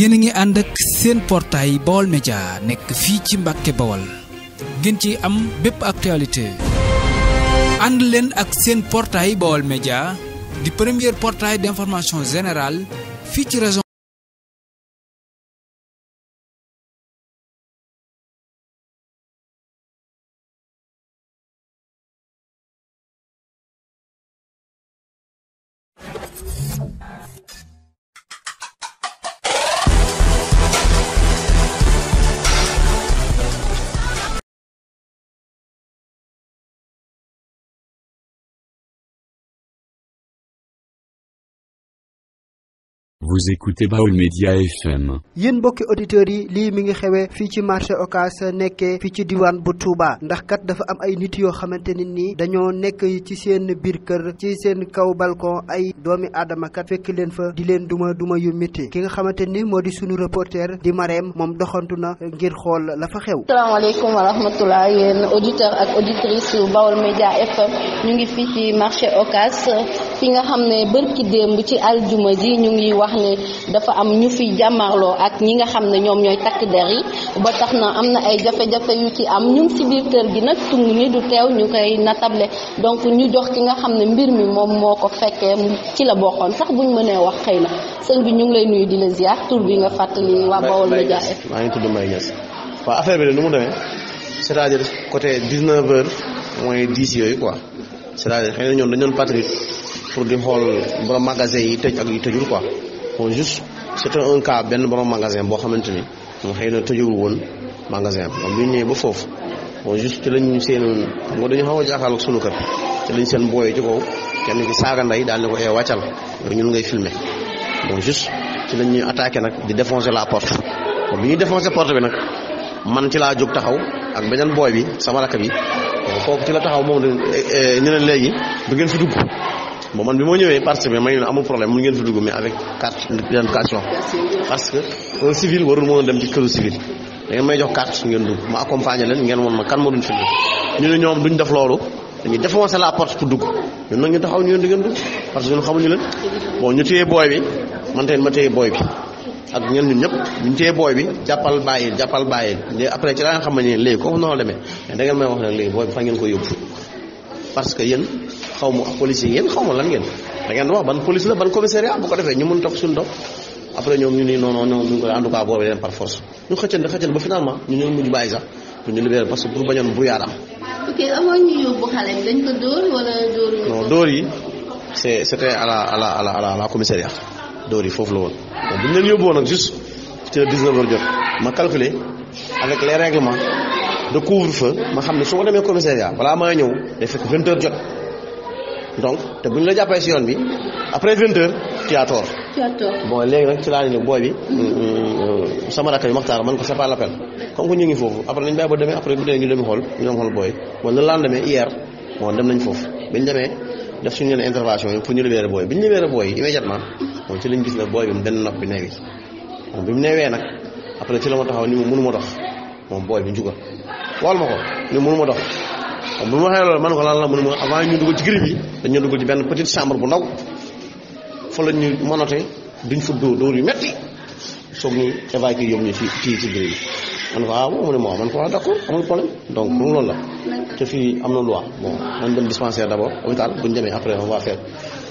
yéen a ngi ànd ak seen portail Baol Média nekk fii ci Mbàkke Bawol gën ci am bépp actualité ànd leen ak seen portail Baol Média di premier portail d'information générale fii ci région Vous écoutez Baol Media FM. yéen mbokki auditeurs yi lii mi ngi xewé fi ci marché Ocass nekkee fi ci diwaan bu Touba ndax kat dafa am ay nit yoo xamanteni ni dañoo nekk ci seen bir kër ci seen kaw balcon ay doomi aadama kat fekk leen fa di leen duma duma yu metti ki nga xamanteni ni moo di sunu reporter di Marème mom doxantuna ngir xol la fa xew. salaamaaleykum wa rahmatulah yéen auditeur ak auditrices yu Media FM ñu ngi fi ci marché Ocass. fi nga xam ne bërki démb ci aljuma ji ñu ngi wax ne dafa am ñu fi jàmmarloo ak ñi nga xam ne ñoom ñooy takk der yi ba tax na am na ay jafe-jafe yu ci am ñu ngi ci biir kër gi nag tung ni du teew ñu koy natable donc ñu jox ki nga xam ne mbir mi moom moo ko fekkee ci la bokkoon sax buñ mënee wax xëy na sëñ bi ñu ngi lay nuyu di la ziar tur bi nga fàttali waa Bawol Media FM maa ngi tudd Mbaye Niass waaw affaire bi de nu mu demee c'est-à-dire côté 19 heures moins 10 yooyu quoi cest à pour di xool borom magasin yi tëj ak yi tëjul quoi bon juste c'est un cas benn borom magasin boo xamante ni moom xëy na tëjul woon magasin am bu ñu ba foofu bon juste ci la lañ seen nga dañu xaw a jaaxal sunu kër lañ seen booyee ci kaw kenn ki saaga daal ne ko ee eh, wàccal ñun ngay filmer bon juste ci lañ ñuy attaqué nag di défoncer la porte bon bi ñuy défoncer porte bi nag man ci laa jóg taxaw ak beneen booy bi sama rakk bi foofu ci la taxaw moom ñu eh, eh, ne léegi du fi dugg bon man bi moo ñëwee participer may ne amul problème mun ngeen fi dugg mais avec carte d'identification parce que un civil a dem ci këru ngeen dugg ma accompagner leen ngeen woon ma kan moo duñ fi dugg ñu ne ñoom duñ def loolu dañuy défoncer la porte pour dugg ñun nag ñu taxaw ñu leen di ngeen dugg parce que ñun xamuñu leen bon ñu téye booy bi man tamit ma téye booy bi ak ngeen ñun ñëpp ñu téye booy bi jàppal bàyyi jàppal bàyyi léegi après ci laa nga xam ne léegi kooku noonu demee mais da ngeen may wax nag léegi ko yóbbu parce que xaw ma police yi yéen xaw lan ngeen da ngeen wax ban police la ban commissariat bu ko defee ñu mën toog suñu dox après ñoom ñu ni non non non ko en tout boobu leen par force ba finalement ñu ñoo mujj bàyyi sax pour ñu libéré parce que pour bañoon bu yaar am. ok amoon yi c' est c' était à la à la à la à la yi foofu la woon bu ñu leen yóbbu woon nag juste ci la 19 heures jot ma calculer avec les règlements de couvre fa ma xam ne su ma demee commissariat balaa maa ñëw day fekk 20 heures jot. donc te bu ñu la jàppee si yoon bi après vingt heures tu as tort. léegi nag ci laa ne booy bi. Mm-hmm. Mm, mm, sama rakk bi Maxtaar man ko c'est pas l'appel comme que ñu ngi foofu après nañ bàyyi ba demee après bu dee ñu dem xool ñu dem booy nañ foofu bi ñu demee def suñu leen intervention yi pour ñu libérer booy bi ñu libérer booy immédiatement moom ci lañ gis la booy bi benn nopp bi neewi moom mu neewee nag après ci la ma taxaw ni mu mënu ma dox moom booy bi njuga wal ma ko ni mënu ma dox. bu ma waxee loolu man ko lan la mu ne ma avant ñu dugal ci gri bi dañ ñu dugal ci benn petite chambre bu ndaw fa la ñu monote duñ fa dóor dóor yu metti sook ñu évacué yóbbu ñu fii ci gri bi man ko ah, waaw mu man ko wax ah, d'accord amul problème donc loolu la te fii am na loi bon nañ dem dispensaire d'abord hôpital bu ñu demee après on va faire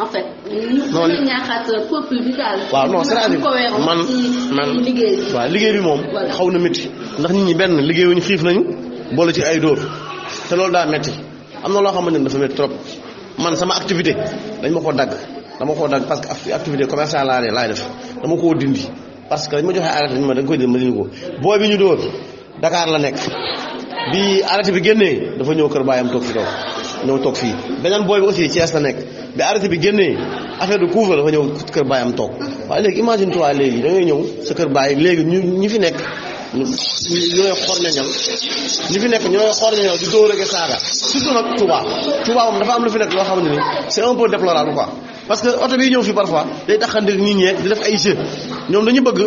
en fait. non li ñaaxaat euh, waaw non cest man man waaw liggéey bi moom. xaw na métti. ndax nit ñi benn liggéeyuñu xiif nañu. boole ci ay dóor. te loolu daa métti am na loo xamante ne dafa métti trop man sama activité dañ ma ko dagg dama koo dagg parce que activité commerciale laa laay def dama koo dindi parce que dañ ma joxe arrêté dañ ma dañ koy dindi ma dindi ko booy bi ñu dóor dakaar la nekk bi arrêté bi génnee dafa ñëw kër baayam toog fi toog. ñëw toog fii beneen booy bi aussi Thiès la nekk bi arrêté bi génnee affaire de couvre dafa ñëw kër baayam toog waaye léegi imagine toi léegi dangay ñëw sa kër baay léegi ñu ñu fi nekk ñooy xor ñañal ñi fi nekk ñooy xor ñañal di dóor ak saaga surtout nag Touba Touba moom dafa am lu fi nekk loo xamante ni c'est un peu déplorable quoi parce que oto bi ñëw fi parfois day taxandeeg nit ñeeg di def ay jeu ñoom dañu bëgg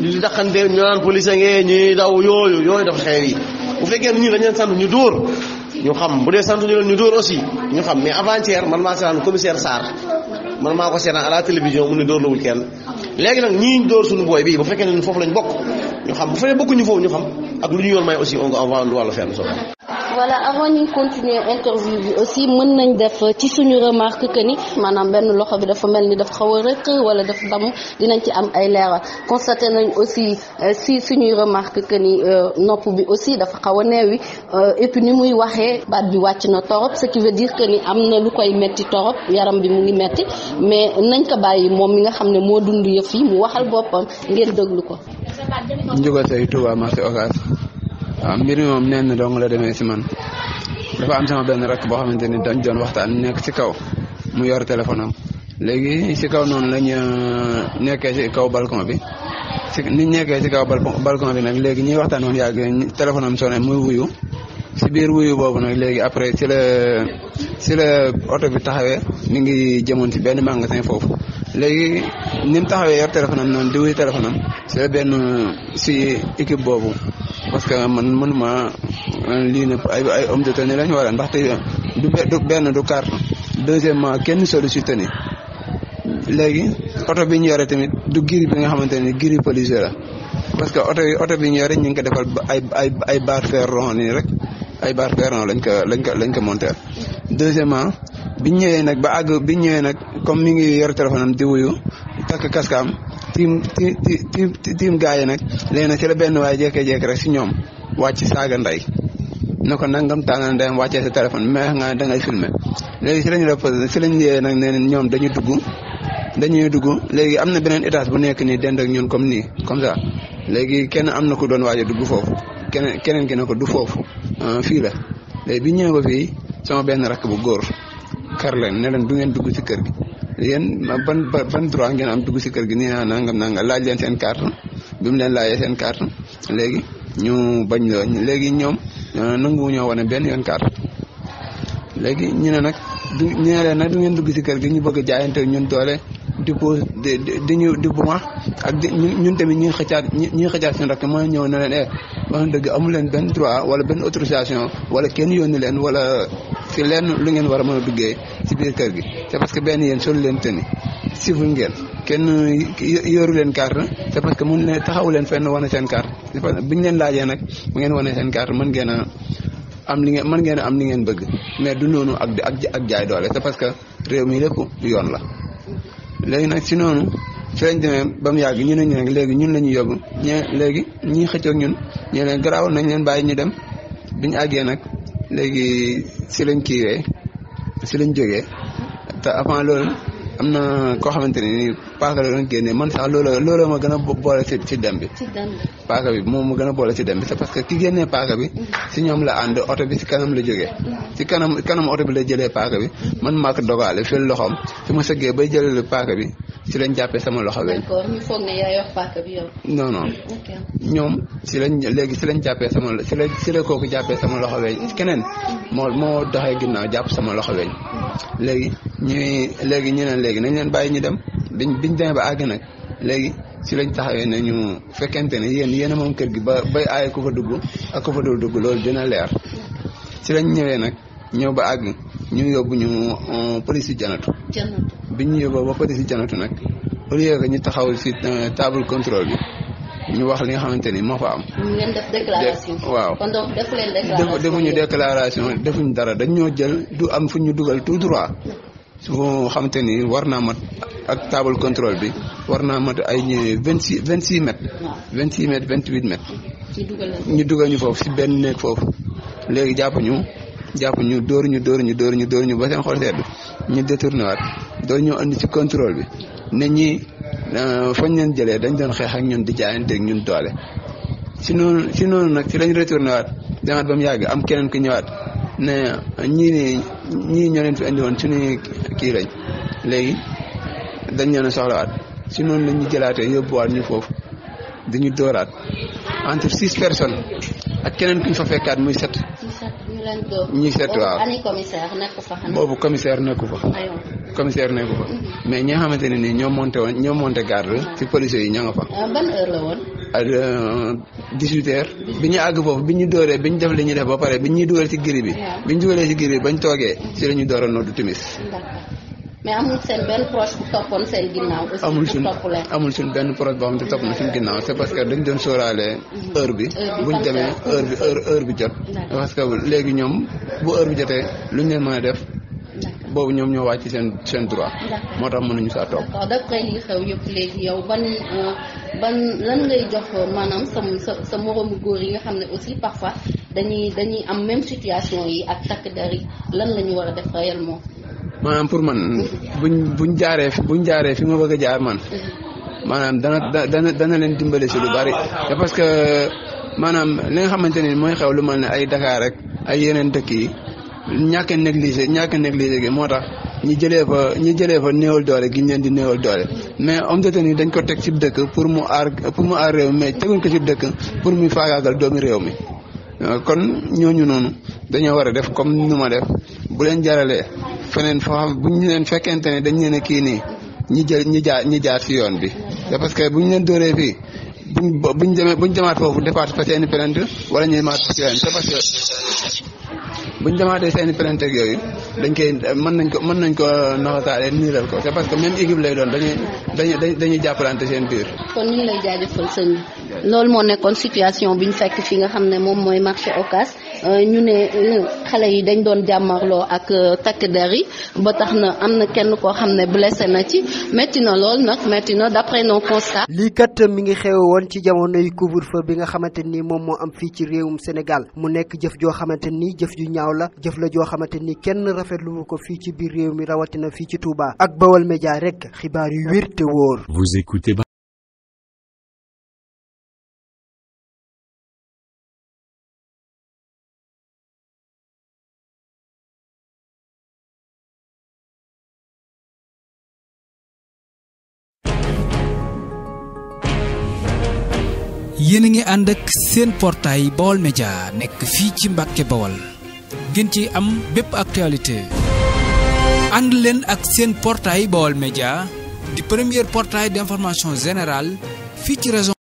di taxandeeg ñu naan police ngee ñuy daw yooyu yooyu dafa xew yi bu fekkee nit ñi dañ leen ñu dóor ñu xam bu dee sant ñu leen ñu dóor aussi ñu xam mais avant-hier man maa seetaan commissaire Sarr man maa ko seetaan à la télévision mu ne dóor lawul kenn léegi nag ñii dóor suñu booy bi bu fekkee ne ñun foofu lañ bokk ñu xam bu fekkee bokkuñu foofu ñu xam ak lu ñu yoon may aussi on va on doit le faire voilà avant ñu continuer interview bi aussi mën nañ def ci suñu remarque que ni maanaam benn loxo bi dafa mel ni dafa xaw a rëq wala dafa damm dinañ ci am ay leeral constaté nañ aussi euh, si suñuy remarque que ni euh, nopp bi aussi dafa xaw a neewi euh, et puis ni muy waxee baat bi wàcc na torop ce qui veut dire que ni am na lu koy metti torop yaram bi mu ngi metti mais nañ ko bàyyi moom mi nga xam ne moo dund yëf yi mu waxal boppam ngeen déglu ko. waaw mbir mi moom neen na dong la demee si man dafa am sama benn rakk boo xamante ni dañ doon waxtaan nekk si kaw mu yor téléphone am léegi si kaw noonu lañ euh, nekkee si kaw balcon bi si ni nekkee si kaw balcon bi nag léegi ñuy waxtaan woon yàgg téléphone am sonné muy wuyu si biir wuyu boobu nag léegi après si la si la oto bi taxawee mi ngi jëmoon si benn magasin foofu léegi ni taxawee yor téléphone am noonu di wuyu téléphone si la benn si équipe boobu parce que man mënuma euh, lii ne ay ay homme de tenue lañ wala ndaxte euh, du benn du carte deuxièmement kenn solu si tenue léegi oto bi ñu yore tamit du giri bi nga xamante ne giri police la parce que oto yi oto bi ñu yore ñu ngi ko defal ay ay ay barre ferron nii rek ay barre ferron lañ ko lañ ko lañ ko monter deuxièmement biñ ñëwee nag ba àgg bi ñëwee nag comme mi ngi yor téléphone am di wuyu takk casque tiim ti tiim tiim gaa yi nag léegi na ci la benn waaye jékkee-jékki rek si ñoom wàcc saaga nday ne ko nangam tàngal ndeyam wàccee sa téléphone mais nga da ngay filmé léegi si lañu la posé si lañ liyee nag nee ñoom dañu dugg dañuy dugg léegi am na beneen étage bu nekk nii dend ak ñun comme nii comme ça léegi kenn am na ko doon waaj a dugg foofu keneen keneen ki ne ko du foofu euh, fii la léegi bi ñëwee ba fii sama benn rakk bu góor kar leen ne leen du ngeen dugg ci kër yéen ban ban droit ngeen am dugg si kër gi nii naa nangam nangam laaj leen seen carte bi mu leen laajee seen carte léegi ñu bañ la léegi ñoom euh, nanguwu ñoo wane benn yoon carte léegi ñu ne nag du ñu ne leen nag du ngeen dugg ci kër gi ñu bëgg jaayante ñun doole di ko di di ñu di bu ma ak di ñun tamit ñuy xëcaat ñuy xëcaat seen rakk moo ñëw ne leen eh wax dëgg amu leen benn droit wala benn autorisation wala kenn yónni leen wala si leen lu ngeen war a mën a duggee si biir kër gi c'est parce que benn yéen sol leen tëni siful ngeen kenn yóoru leen carte c'est parce que mun leen taxaw leen fenn wane seen carte biñ leen laajee nag bu ngeen wane seen carte mën ngeen a am li ngeen mën ngeen am li ngeen bëgg mais du noonu ak ak ak jaay doole c'est parce que réew mi lépp yoon la léegi nag si noonu fi lañ yàgg ñu nañu ñu nag léegi ñun la ñu yóbbu ñee léegi ñii xëccoog ñun ñu leen garaawul nañ leen bàyyi ñu dem biñu àggee nag léegi si lañ kiiwee si lañ jógee te avant loolu am na koo xamante ne nii paaka la doon génne man sax loola loola ma gën a boole ci ci dem bi paaka bi moom mu gën a boole si dem bi parce que ki génnee paaka bi si mm-hmm. ñoom la ànd oto bi si kanam la jógee si mm-hmm. kanam kanam oto bi la jëlee paaka bi mm-hmm. man maa ko dogaale loxoom su ma sëggee bay jëlelu paaka bi si lañ jàppee sama loxo weñ. d'accord ñu ñoom si lañ léegi si lañ jàppee sama si la si la kooku jàppee sama loxo weñ keneen moo moo doxee ginnaaw jàpp sama loxo weñ léegi ñuy léegi ñu ne léegi nañ leen bàyyi ñu dem biñ biñ demee ba àgg nag léegi si lañ taxawee ne ñu fekkente ne yéen yéen a moom kër gi ba bay aaye ku fa dugg ak ku fa dugg loolu dina leer si lañ ñëwee nag ñëw ba àgg ñu yóbbu ñu euh, police yi janatu biñ ñu yóbboo ba police yi janatu nag au lieu que ñu taxawul si euh, table control bi ñu wax li nga xamante ni moo fa am. waaw kon donc defu leen déclaration defuñu dara dañ ñoo jël du am fu ñu dugal tout droit. su xamante ni war naa mat ak table contrôle bi war naa mat ay vingt six vingt six mètres. vingt six mètres vingt huit mètres. ñu dugal ñu foofu ci benn néeg foofu léegi jàpp ñu. jàpp ñu dóor ñu dóor ñu dóor ñu dóor ñu ba seen xol sedd ñu détourné waat ñoo ñu ci contrôle bi ne ñi Euh, fañ leen jëlee dañ doon xeex ak ñun di jaayanteeg ñun doole si noonu si noonu nag si lañ retourné waat demaat ba mu yàgg am keneen ku ñëwaat ne ñii nii ñii ñoo leen fi indi woon suñu kii lañ léegi dañ leen a soxlawaat si noonu lañ ñu jëlaatee yóbbuwaat ñu foofu di dañu dooraat entre six personnes ak keneen ku fa fekkaat muy set ñu leen dóor ñi seet waaw ani commissaire nekku fa xanaa boobu commissaire nekku fa commissaire nekku fa mhm. mais ñi nga xamante ne nii ñoo monté woon ñoo monte garde ah. ci policiers yi ña nga fa euh, ban heure la euh, bi ñu àgg foofu bi ñu dooree bi ñu def li ñu def ba pare bi ñuy dugal ci giri bi bi ñu dugalee ci giri bi bañ toogee si la ñu door a noddu timis mais amul seen benn proche bu toppoon seen ginnaaw. amul suñ amul benn proche boo xam ne topp na suñ ginnaaw c'est parce que dañ doon sóoraale heure bi. demee heure bi heure heure bi jot. parce que léegi ñoom bu heure bi jotee luñ leen mën a def. boobu ñoom ñoo wàcc seen seen droit. moo tax mënuñu saa toog. d'accord d'après li yow ban euh, ban lan ngay euh, maanaam sa góor yi nga xam ne aussi parfois dañuy dañuy am même situation yi ak takk der yi lan war a def réellement. maanaam pour man bu buñ jaaree buñ jaaree fi ma bëgg a jaar man maanaam dana dana dana leen dimbale si lu bari te parce que maanaam li xamante ni mooy xew lu mel ne ay dakaar rek ay yeneen dëkk yi ñàkk a négligé ñàkk a négligé gi moo tax ñi jëlee fa ñi jëlee fa néewal doole gi ñu leen di néewal doole mais om de tenue dañ ko teg ci dëkk pour mu aar pour mu aar réew mi mais teguñ ko ci dëkk pour mu faagaagal doomi réew mi kon ñooñu noonu dañoo war a def comme nu ma def bu leen jaralee feneen foo xam bu ñu leen fekkente ne dañ leen a kii nii ñi jël ñi jaar ñi jaar si yoon bi c'est parce que bu ñu leen dóoree fii bu ñu demee buñ demaat foofu defaat fa seen i plainte ñu demaat si yoon c'est demaatee seen i yooyu dañ koy mën nañ ko mën nañ ko naxasaale niiral ko parce que même équipe lay doon dañuy dañuy dañuy jàppalante seen biir. kon ñu lay jaajëfal sëñ loolu moo nekkoon situation bi ñu fekk fi nga xam ne moom mooy marché Ocass euh, ñu ne euh, xale yi dañ doon jàmmarloo ak euh, takk der yi ba tax na am na kenn koo xam ne blessé na ci metti na lool nag metti na d'après nos constats. lii kat mi ngi xew woon ci yu couvre-feu bi nga xamante ni moom moo am fii ci réewum Sénégal mu nekk jëf joo xamante ni jëf ju ñaaw la jëf la joo xamante ni kenn rafetlu ko fii ci biir réew mi rawatina fii ci Touba ak Bawal Média rek xibaar yu wér te wóor. vous écoutez. yéen a ngi ànd ak seen portail Baol Média nekk fii ci Mbàkke Baol ngeen ci am bépp actualité ànd leen ak seen portail Baol Média di premier portail d'information générale fii ci région